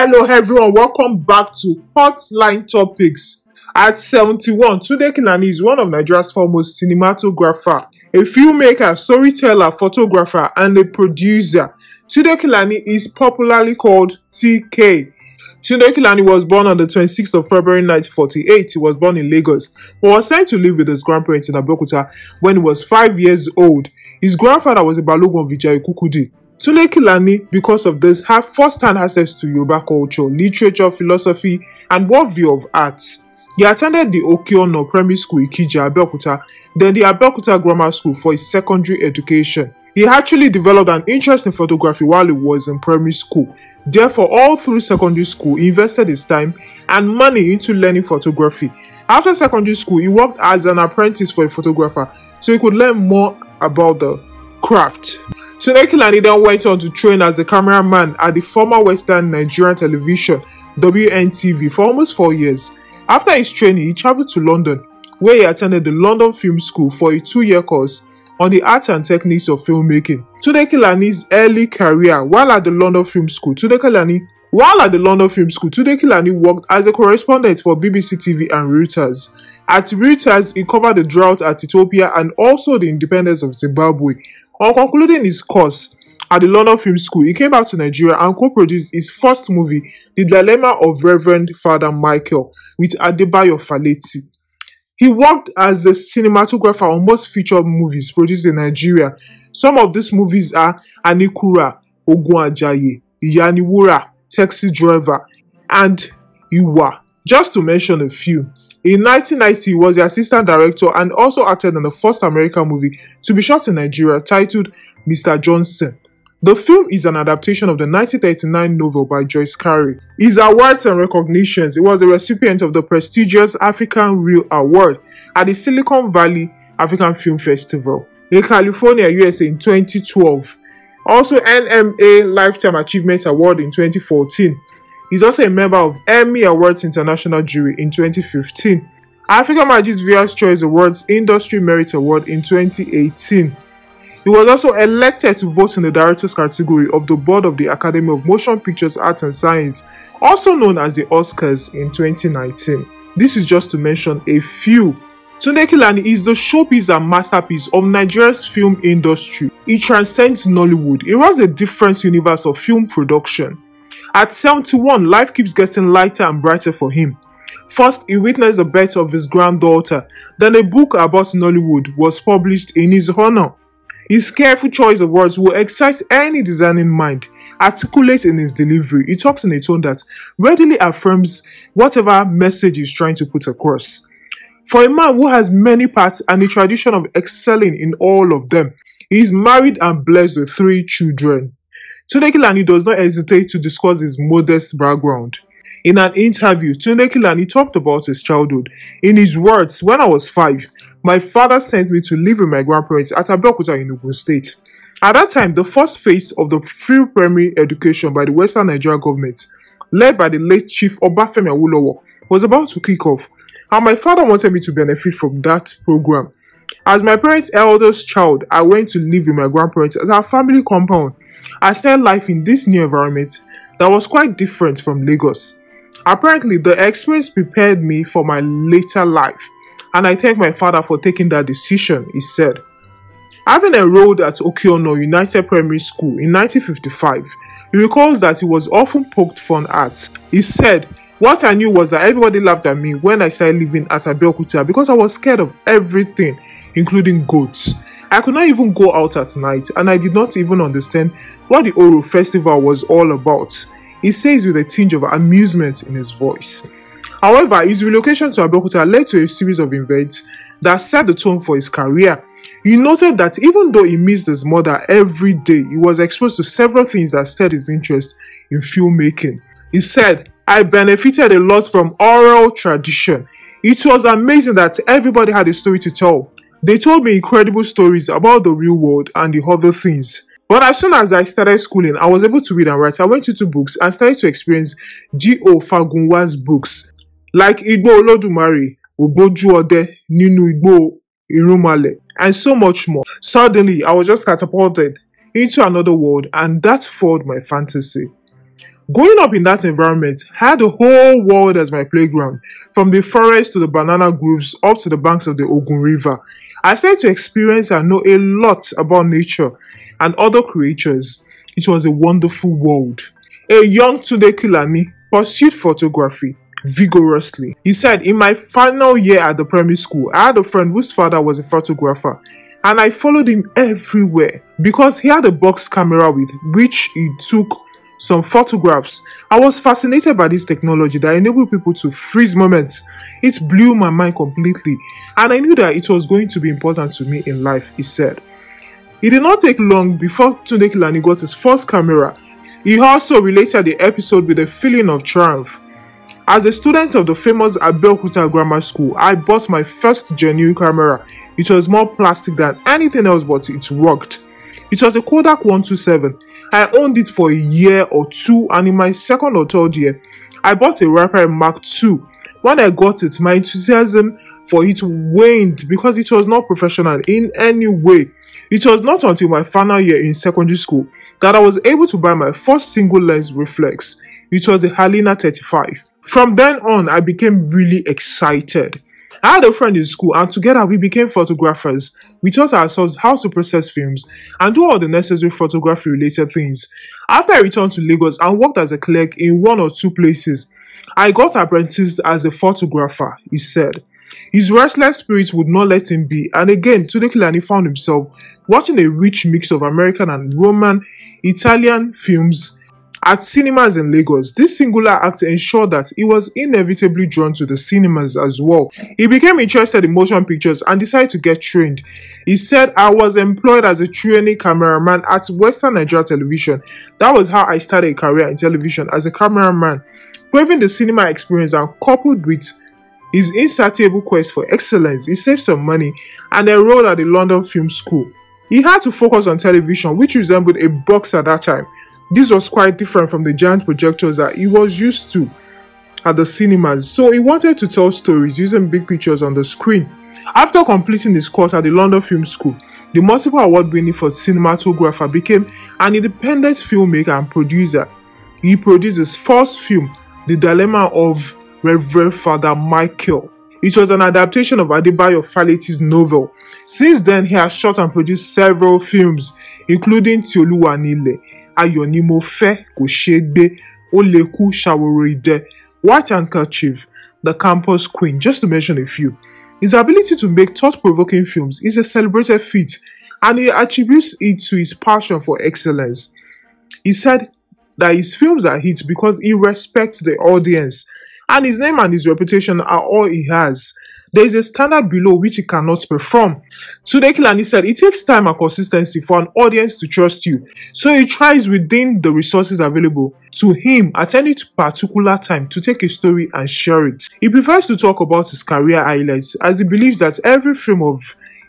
Hello everyone, welcome back to Hotline Topics. At 71, Tunde Kinani is one of Nigeria's foremost cinematographer, a filmmaker, storyteller, photographer, and a producer. Tunde Kinani is popularly called TK. Tunde Kinani was born on the 26th of February 1948. He was born in Lagos, but was sent to live with his grandparents in Abeokuta when he was 5 years old. His grandfather was a Balogun Vijay Kukudi, Tule Kilani, because of this, had first-hand access to Yoruba culture, literature, philosophy, and worldview of arts. He attended the Okino Primary School, Ikija, Abeokuta, then the Abeokuta Grammar School for his secondary education. He actually developed an interest in photography while he was in primary school. Therefore, all through secondary school, he invested his time and money into learning photography. After secondary school, he worked as an apprentice for a photographer so he could learn more about the craft. Tunekilani then went on to train as a cameraman at the former Western Nigerian television WNTV for almost four years. After his training, he traveled to London, where he attended the London Film School for a two-year course on the art and techniques of filmmaking. Tunekilani's early career while at the London Film School, Tunekilani while at the London Film School, Tunde worked as a correspondent for BBC TV and Reuters. At Reuters, he covered the drought at Ethiopia and also the independence of Zimbabwe, on concluding his course at the London Film School, he came back to Nigeria and co-produced his first movie, The Dilemma of Reverend Father Michael, with Adebayo Faleti. He worked as a cinematographer on most feature movies produced in Nigeria. Some of these movies are Anikura, Ogun Ajaye*, Yaniwura, Taxi Driver, and Iwa. Just to mention a few, in 1990 was the assistant director and also acted in the first American movie to be shot in Nigeria titled Mr. Johnson. The film is an adaptation of the 1939 novel by Joyce Carey. His awards and recognitions, he was the recipient of the prestigious African Real Award at the Silicon Valley African Film Festival in California, USA in 2012. Also NMA Lifetime Achievement Award in 2014 He's also a member of Emmy Awards International Jury in 2015, Africa Magic's Viewers Choice Awards Industry Merit Award in 2018. He was also elected to vote in the directors category of the board of the Academy of Motion Pictures Arts and Science, also known as the Oscars, in 2019. This is just to mention a few. Tunde Kilani is the showpiece and masterpiece of Nigeria's film industry. It transcends Nollywood. It runs a different universe of film production. At 71, life keeps getting lighter and brighter for him. First, he witnessed the birth of his granddaughter, then a book about Nollywood was published in his honor. His careful choice of words will excite any discerning mind, articulate in his delivery. He talks in a tone that readily affirms whatever message he's trying to put across. For a man who has many parts and a tradition of excelling in all of them, he is married and blessed with three children. Tunde Kilani does not hesitate to discuss his modest background. In an interview, Tunde Kilani talked about his childhood. In his words, when I was five, my father sent me to live with my grandparents at Abeokuta in Ogun State. At that time, the first phase of the free primary education by the Western Nigeria government, led by the late Chief Obafemi Awolowo, was about to kick off, and my father wanted me to benefit from that program. As my parents' eldest child, I went to live with my grandparents at our family compound I started life in this new environment that was quite different from Lagos. Apparently, the experience prepared me for my later life, and I thank my father for taking that decision, he said. Having enrolled at Okiono United Primary School in 1955, he recalls that he was often poked fun at. He said, What I knew was that everybody laughed at me when I started living at Abeokuta because I was scared of everything, including goats. I could not even go out at night, and I did not even understand what the Oro festival was all about, he says with a tinge of amusement in his voice. However, his relocation to Abeokuta led to a series of events that set the tone for his career. He noted that even though he missed his mother every day, he was exposed to several things that stirred his interest in filmmaking. He said, I benefited a lot from oral tradition. It was amazing that everybody had a story to tell. They told me incredible stories about the real world and the other things. But as soon as I started schooling, I was able to read and write. I went into books and started to experience G.O. Fagunwa's books, like Igbo Olodumare, Ogboju Ode, Ninu Igbo Irumale, and so much more. Suddenly, I was just catapulted into another world, and that fueled my fantasy. Growing up in that environment, I had the whole world as my playground, from the forest to the banana groves up to the banks of the Ogun River. I started to experience and know a lot about nature and other creatures. It was a wonderful world. A young Tunde Kilani pursued photography vigorously. He said, In my final year at the primary school, I had a friend whose father was a photographer and I followed him everywhere because he had a box camera with which he took some photographs. I was fascinated by this technology that enabled people to freeze moments. It blew my mind completely, and I knew that it was going to be important to me in life, he said. It did not take long before Tunde Kilani got his first camera. He also related the episode with a feeling of triumph. As a student of the famous Kuta Grammar School, I bought my first genuine camera. It was more plastic than anything else, but it worked. It was a Kodak 127. I owned it for a year or two, and in my second or third year, I bought a Rapper Mark II. When I got it, my enthusiasm for it waned because it was not professional in any way. It was not until my final year in secondary school that I was able to buy my first single lens reflex. It was a Halina 35. From then on, I became really excited. I had a friend in school and together we became photographers. We taught ourselves how to process films and do all the necessary photography related things. After I returned to Lagos and worked as a clerk in one or two places, I got apprenticed as a photographer, he said. His restless spirit would not let him be, and again, he found himself watching a rich mix of American and Roman, Italian films at cinemas in Lagos, this singular act ensured that he was inevitably drawn to the cinemas as well. He became interested in motion pictures and decided to get trained. He said, I was employed as a trainee cameraman at Western Nigeria Television. That was how I started a career in television as a cameraman. Having the cinema experience and coupled with his insatiable quest for excellence, he saved some money and enrolled at the London Film School. He had to focus on television, which resembled a box at that time. This was quite different from the giant projectors that he was used to at the cinemas, so he wanted to tell stories using big pictures on the screen. After completing his course at the London Film School, the multiple award winning for cinematographer became an independent filmmaker and producer. He produced his first film, The Dilemma of Reverend Father Michael it was an adaptation of Adebayo Faleti's novel. Since then, he has shot and produced several films, including Ayonimo Fe Koshede, Oleku Shaworide, White Handkerchief, The Campus Queen, just to mention a few. His ability to make thought-provoking films is a celebrated feat, and he attributes it to his passion for excellence. He said that his films are hits because he respects the audience and his name and his reputation are all he has. There is a standard below which he cannot perform. Today, Kilani said, It takes time and consistency for an audience to trust you, so he tries within the resources available to him at any particular time to take a story and share it. He prefers to talk about his career highlights as he believes that every film of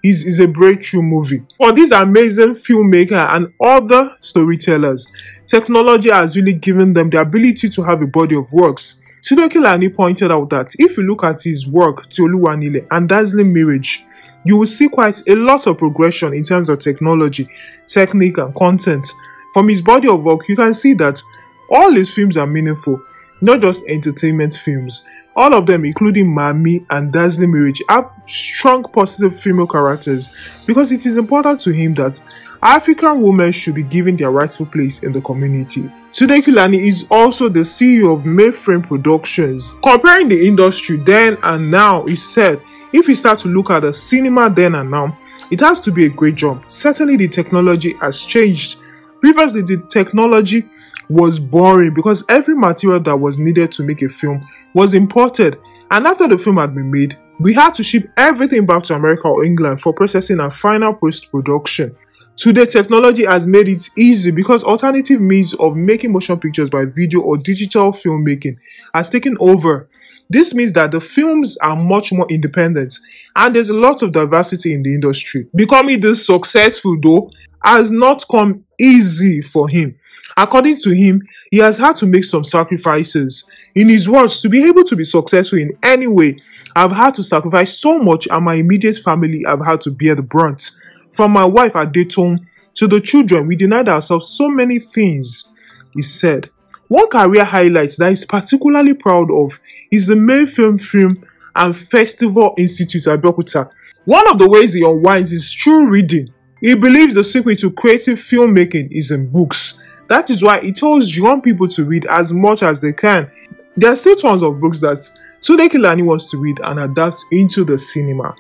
his is a breakthrough movie. For these amazing filmmaker and other storytellers, technology has really given them the ability to have a body of works Chidokilani pointed out that if you look at his work, Tioluwanile and Dazzling Marriage, you will see quite a lot of progression in terms of technology, technique and content. From his body of work, you can see that all his films are meaningful not just entertainment films. All of them, including Mami and Dazzling Mirage, have strong positive female characters because it is important to him that African women should be given their rightful place in the community. Tunde Kulani is also the CEO of Mayframe Productions. Comparing the industry then and now, he said, if you start to look at the cinema then and now, it has to be a great job. Certainly the technology has changed. Previously the technology was boring because every material that was needed to make a film was imported. And after the film had been made, we had to ship everything back to America or England for processing and final post production. Today, technology has made it easy because alternative means of making motion pictures by video or digital filmmaking has taken over. This means that the films are much more independent and there's a lot of diversity in the industry. Becoming this successful though has not come easy for him. According to him, he has had to make some sacrifices. In his words, to be able to be successful in any way, I've had to sacrifice so much and my immediate family have had to bear the brunt. From my wife at Dayton to the children, we denied ourselves so many things, he said. One career highlight that he's particularly proud of is the main film film and festival institute at Bokuta. One of the ways he unwinds is through reading. He believes the secret to creative filmmaking is in books that is why he tells young people to read as much as they can. There are still tons of books that Tunde Kilani wants to read and adapt into the cinema.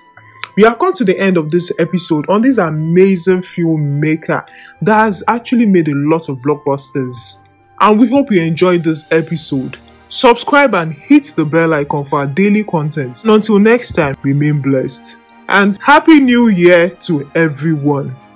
We have come to the end of this episode on this amazing filmmaker that has actually made a lot of blockbusters. And we hope you enjoyed this episode. Subscribe and hit the bell icon for our daily content. And until next time, remain blessed. And Happy New Year to everyone.